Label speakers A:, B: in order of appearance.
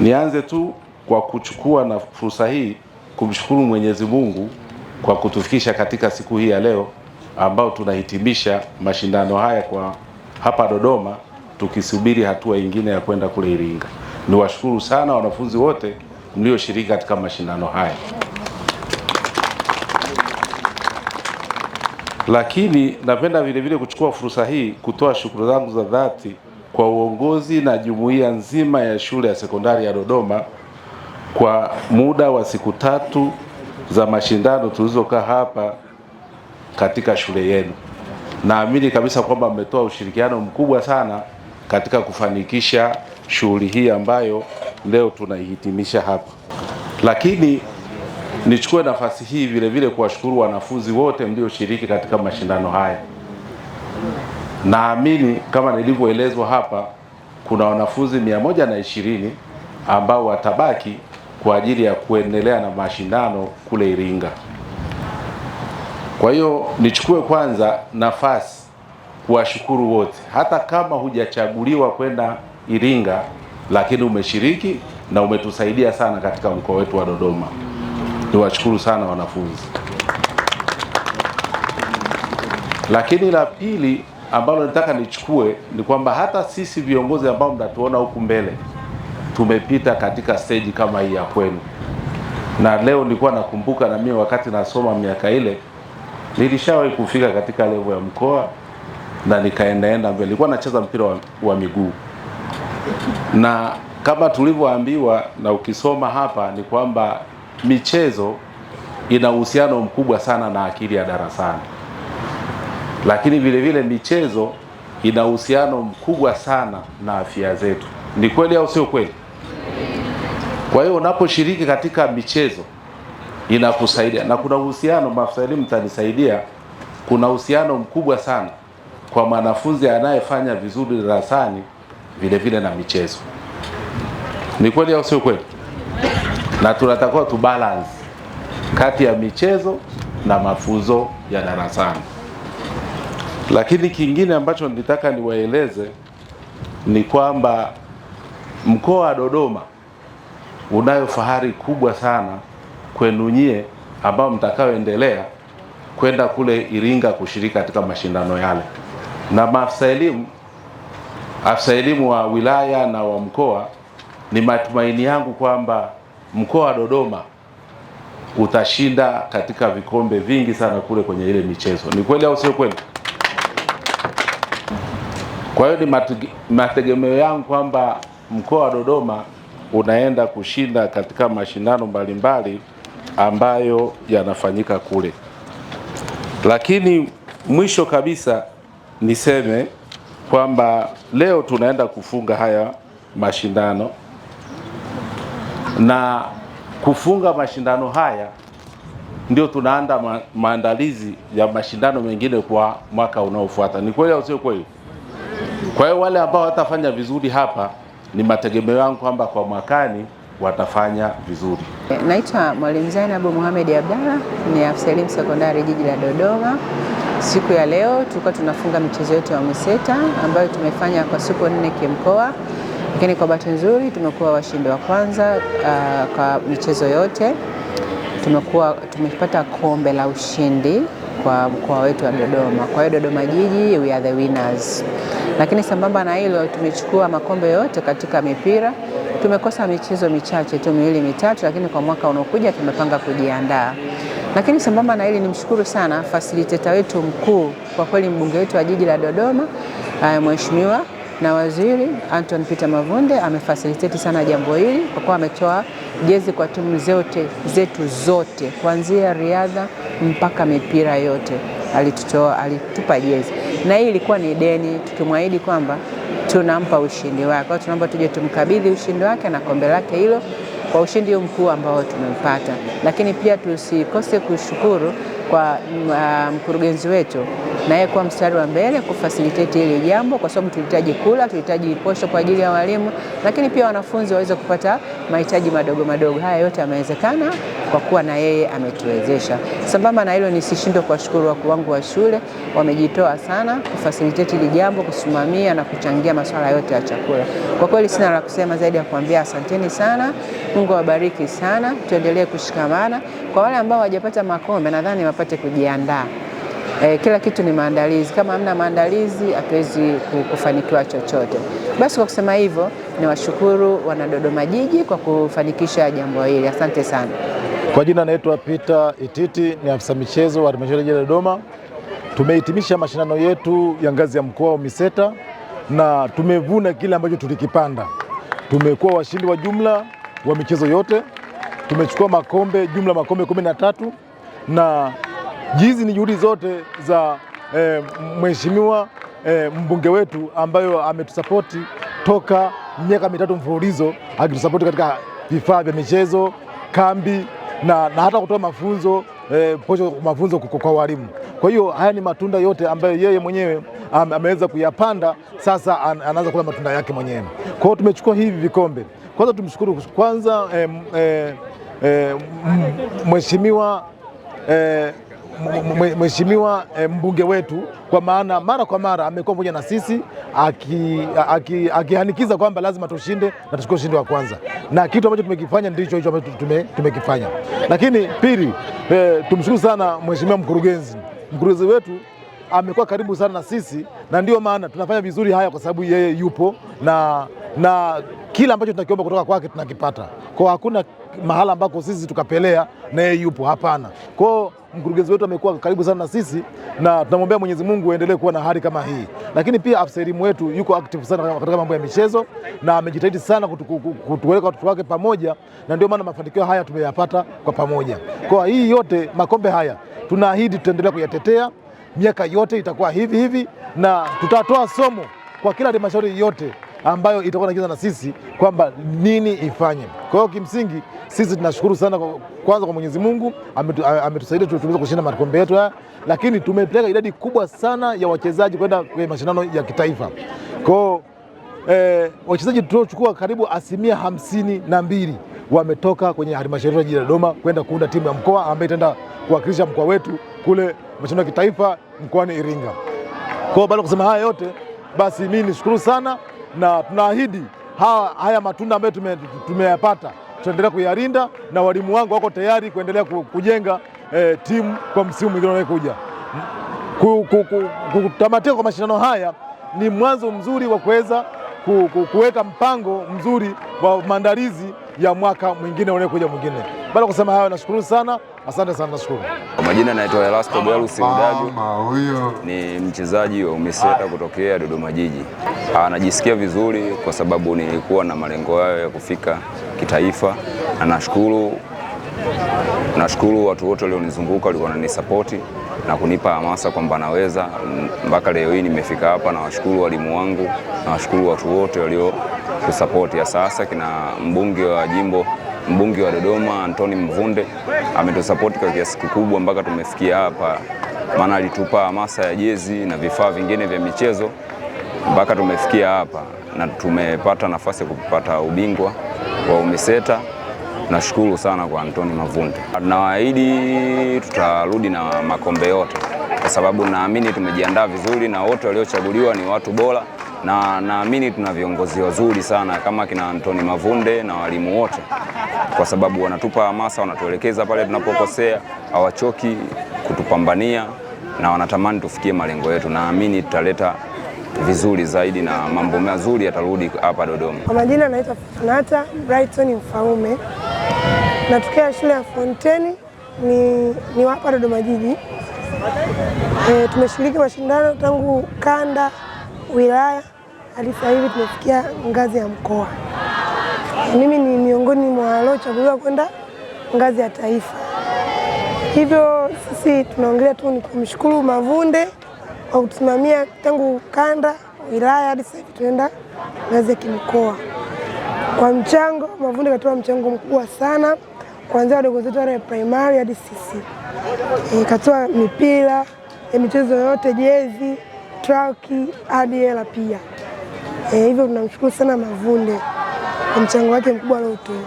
A: Nianze tu kwa kuchukua na fursa hii kumshukuru Mwenyezi Mungu kwa kutufikisha katika siku hii ya leo ambao tunahitimisha mashindano haya kwa hapa Dodoma tukisubiri hatua ingine ya kwenda kule Iringa. Niwashukuru sana wanafunzi wote mlioshiriki katika mashindano haya. Lakini napenda vile vile kuchukua fursa hii kutoa shukrani zangu za dhati kwa uongozi na jumuiya nzima ya shule ya sekondari ya Dodoma kwa muda wa siku tatu za mashindano tulizokaa hapa katika shule yenu. Naamini kabisa kwamba mmetoa ushirikiano mkubwa sana katika kufanikisha shughuli hii ambayo leo tunaihitimisha hapa. Lakini nichukue nafasi hii vilevile kuwashukuru wanafunzi wote mlioshiriki katika mashindano haya. Naamini kama nilivyoelezwa hapa, kuna wanafunzi mia moja na ishirini ambao watabaki kwa ajili ya kuendelea na mashindano kule Iringa. Kwa hiyo nichukue kwanza nafasi kuwashukuru wote, hata kama hujachaguliwa kwenda Iringa, lakini umeshiriki na umetusaidia sana katika mkoa wetu wa Dodoma. Niwashukuru sana wanafunzi. Lakini la pili ambalo nitaka nichukue ni kwamba hata sisi viongozi ambao mnatuona huku mbele tumepita katika steji kama hii ya kwenu, na leo nilikuwa nakumbuka na mimi wakati nasoma miaka ile nilishawahi kufika katika levo ya mkoa na nikaendaenda mbele. Nilikuwa nacheza mpira wa, wa miguu na kama tulivyoambiwa na ukisoma hapa ni kwamba michezo ina uhusiano mkubwa sana na akili ya darasani lakini vile vile michezo ina uhusiano mkubwa sana na afya zetu. Ni kweli au sio kweli? Kwa hiyo unaposhiriki katika michezo inakusaidia, na kuna uhusiano, maafisa elimu mtanisaidia, kuna uhusiano mkubwa sana kwa mwanafunzi anayefanya vizuri darasani vile vile na michezo. Ni kweli au sio kweli? Na tunatakiwa tubalance kati ya michezo na mafunzo ya darasani. Lakini kingine ambacho nitaka niwaeleze ni kwamba mkoa wa Dodoma unayo fahari kubwa sana kwenu nyie ambao mtakaoendelea kwenda kule Iringa kushiriki katika mashindano yale, na maafisa elimu, afisa elimu wa wilaya na wa mkoa, ni matumaini yangu kwamba mkoa wa Dodoma utashinda katika vikombe vingi sana kule kwenye ile michezo. Ni kweli au sio kweli? Kwa hiyo ni mategemeo yangu kwamba mkoa wa Dodoma unaenda kushinda katika mashindano mbalimbali ambayo yanafanyika kule. Lakini mwisho kabisa niseme kwamba leo tunaenda kufunga haya mashindano na kufunga mashindano haya ndio tunaanda maandalizi ya mashindano mengine kwa mwaka unaofuata. Ni kweli au sio kweli? Kwa hiyo wale ambao watafanya vizuri hapa, ni mategemeo yangu kwamba kwa mwakani watafanya vizuri.
B: Naitwa Mwalimu Zainabu muhamedi Abdalla, ni afisa elimu sekondari jiji la Dodoma. Siku ya leo tulikuwa tunafunga michezo yetu ya MWESETA ambayo tumefanya kwa siku nne kimkoa, lakini kwa bahati nzuri tumekuwa washindi wa kwanza uh, kwa michezo yote. Tumekuwa tumepata kombe la ushindi kwa mkoa wetu wa Dodoma. Kwa hiyo Dodoma jiji, we are the winners. Lakini sambamba na hilo, tumechukua makombe yote katika mipira. Tumekosa michezo michache tu miwili mitatu, lakini kwa mwaka unaokuja tumepanga kujiandaa. Lakini sambamba na hili, nimshukuru sana fasiliteta wetu mkuu, kwa kweli mbunge wetu wa jiji la Dodoma, eh, mheshimiwa na waziri Anton Peter Mavunde amefasiliteti sana jambo hili kwa kuwa ametoa jezi kwa timu zote zetu zote kuanzia riadha mpaka mipira yote alitutoa, alitupa jezi na hii ilikuwa ni deni, tukimwahidi kwamba tunampa ushindi wake. Kwa tunaomba tuje tumkabidhi ushindi wake na kombe lake hilo kwa ushindi mkuu ambao tumempata, lakini pia tusikose kushukuru kwa uh, mkurugenzi wetu na yeye kuwa mstari wa mbele kufacilitate ile jambo, kwa sababu tulihitaji kula, tulihitaji posho kwa ajili ya walimu, lakini pia wanafunzi waweze kupata mahitaji madogo madogo. Haya yote yamewezekana kwa kuwa na yeye ametuwezesha. Sambamba na hilo, nisishindwe kuwashukuru wakuu wangu wa shule, wamejitoa sana kufacilitate ile jambo, kusimamia na kuchangia masuala yote ya chakula. Kwa kweli sina la kusema zaidi ya kuambia asanteni sana, Mungu awabariki sana, tuendelee kushikamana. Kwa wale ambao hawajapata makombe, nadhani apate kujiandaa. E, kila kitu ni maandalizi. Kama hamna maandalizi hatuwezi kufanikiwa chochote. Basi kwa kusema hivyo, niwashukuru wana Dodoma Jiji kwa kufanikisha jambo hili. Asante sana.
C: Kwa jina naitwa Peter Ititi, ni afisa michezo wa halmashauri ya Dodoma. Tumehitimisha mashindano yetu ya ngazi ya mkoa miseta na tumevuna kile ambacho tulikipanda. Tumekuwa washindi wa jumla wa michezo yote, tumechukua makombe jumla makombe kumi na tatu na Hizi ni juhudi zote za eh, mheshimiwa eh, mbunge wetu ambayo ametusapoti toka miaka mitatu mfululizo akitusapoti katika vifaa vya michezo, kambi na, na hata kutoa mafunzo eh, posho mafunzo kwa walimu. Kwa hiyo haya ni matunda yote ambayo yeye mwenyewe ameweza kuyapanda, sasa an, anaanza kula matunda yake mwenyewe. Kwa hiyo tumechukua hivi vikombe, kwanza tumshukuru kwanza eh, eh, eh, mheshimiwa eh, mheshimiwa eh, mbunge wetu kwa maana mara kwa mara amekuwa pamoja na sisi akihanikiza aki, aki kwamba lazima tushinde na tuchukue ushindi wa kwanza, na kitu ambacho tumekifanya ndicho hicho ambacho tumekifanya. Lakini pili, e, tumshukuru sana mheshimiwa mkurugenzi. Mkurugenzi wetu amekuwa karibu sana na sisi, na ndio maana tunafanya vizuri haya kwa sababu yeye yupo na, na kila ambacho tunakiomba kutoka kwake tunakipata, kwa hakuna mahala ambako sisi tukapelea na yeye yupo, hapana kwao mkurugenzi wetu amekuwa karibu sana na sisi na tunamwombea Mwenyezi Mungu aendelee kuwa na hali kama hii. Lakini pia afisa elimu wetu yuko active sana katika mambo ya michezo na amejitahidi sana kutuweka watoto wake pamoja, na ndio maana mafanikio haya tumeyapata kwa pamoja. Kwa hii yote makombe haya tunaahidi tutaendelea kuyatetea miaka yote, itakuwa hivi hivi na tutatoa somo kwa kila halmashauri yote ambayo itakuwa inacheza na sisi kwamba nini ifanye. Kwa hiyo kimsingi sisi tunashukuru sana kwa, kwanza kwa Mwenyezi Mungu ametusaidia tuweze kushinda makombe yetu haya, lakini tumepeleka idadi kubwa sana ya wachezaji kwenda kwenye mashindano ya kitaifa. Kwa hiyo eh, wachezaji tuliochukua karibu asilimia hamsini na mbili wametoka kwenye halmashauri ya jiji la Dodoma kwenda kuunda timu ya mkoa ambayo itaenda kuwakilisha mkoa wetu kule mashindano ya kitaifa mkoani Iringa. Kwa hiyo baada ya kusema haya yote, basi mimi nishukuru sana na tunaahidi ha, haya matunda ambayo tumeyapata tutaendelea kuyalinda, na walimu wangu wako tayari kuendelea kujenga e, eh, timu kwa msimu mwingine unaokuja. Kutamatika kwa mashindano haya ni mwanzo mzuri wa kuweza kuweka mpango mzuri wa maandalizi ya mwaka mwingine unayokuja mwingine. Baada kusema hayo, nashukuru sana, asante sana, nashukuru. Kwa majina naitwa Elasto Belus Mdago, ni mchezaji wa UMISETA kutokea Dodoma Jiji. Anajisikia ah, vizuri kwa sababu nilikuwa na malengo hayo ya kufika kitaifa, na nashukuru nashukuru watu wote walionizunguka walikuwa wananisapoti na kunipa hamasa kwamba naweza. Mpaka leo hii nimefika hapa. Nawashukuru walimu wangu, nawashukuru watu wote walio support ya sasa, kina mbunge wa jimbo mbunge wa Dodoma Antoni Mvunde ametusapoti kwa kiasi kikubwa mpaka tumefikia hapa, maana alitupa hamasa ya jezi na vifaa vingine vya michezo mpaka tumefikia hapa na tumepata nafasi ya kupata ubingwa wa UMISETA. Nashukuru sana kwa Antoni Mavunde. Tunawaahidi tutarudi na makombe yote, kwa sababu naamini tumejiandaa vizuri na wote waliochaguliwa ni watu bora na naamini tuna viongozi wazuri sana kama kina Antoni Mavunde na walimu wote, kwa sababu wanatupa hamasa, wanatuelekeza pale tunapokosea, hawachoki kutupambania na wanatamani tufikie malengo yetu. Naamini tutaleta vizuri zaidi na mambo mazuri yatarudi hapa Dodoma. Kwa majina naitwa Fortunata Brighton Mfaume, natokea shule ya Fonteni ni, ni hapa Dodoma jiji. E, tumeshiriki mashindano tangu kanda wilaya hadi sasa hivi tumefikia ngazi ya mkoa. Mimi ni miongoni mwa waliochaguliwa kwenda ngazi ya taifa, hivyo sisi tunaongelea tu ni kumshukuru Mavunde kwa kutusimamia tangu kanda, wilaya hadi sasa hivi tunaenda ngazi ya kimkoa. Kwa mchango, Mavunde katoa mchango mkubwa sana, kuanzia wadogo zetu wale primary hadi sisi e, katoa mipira ya michezo yote, jezi traki hadi hela pia. E, hivyo tunamshukuru sana Mavunde kwa mchango wake mkubwa aliotoa.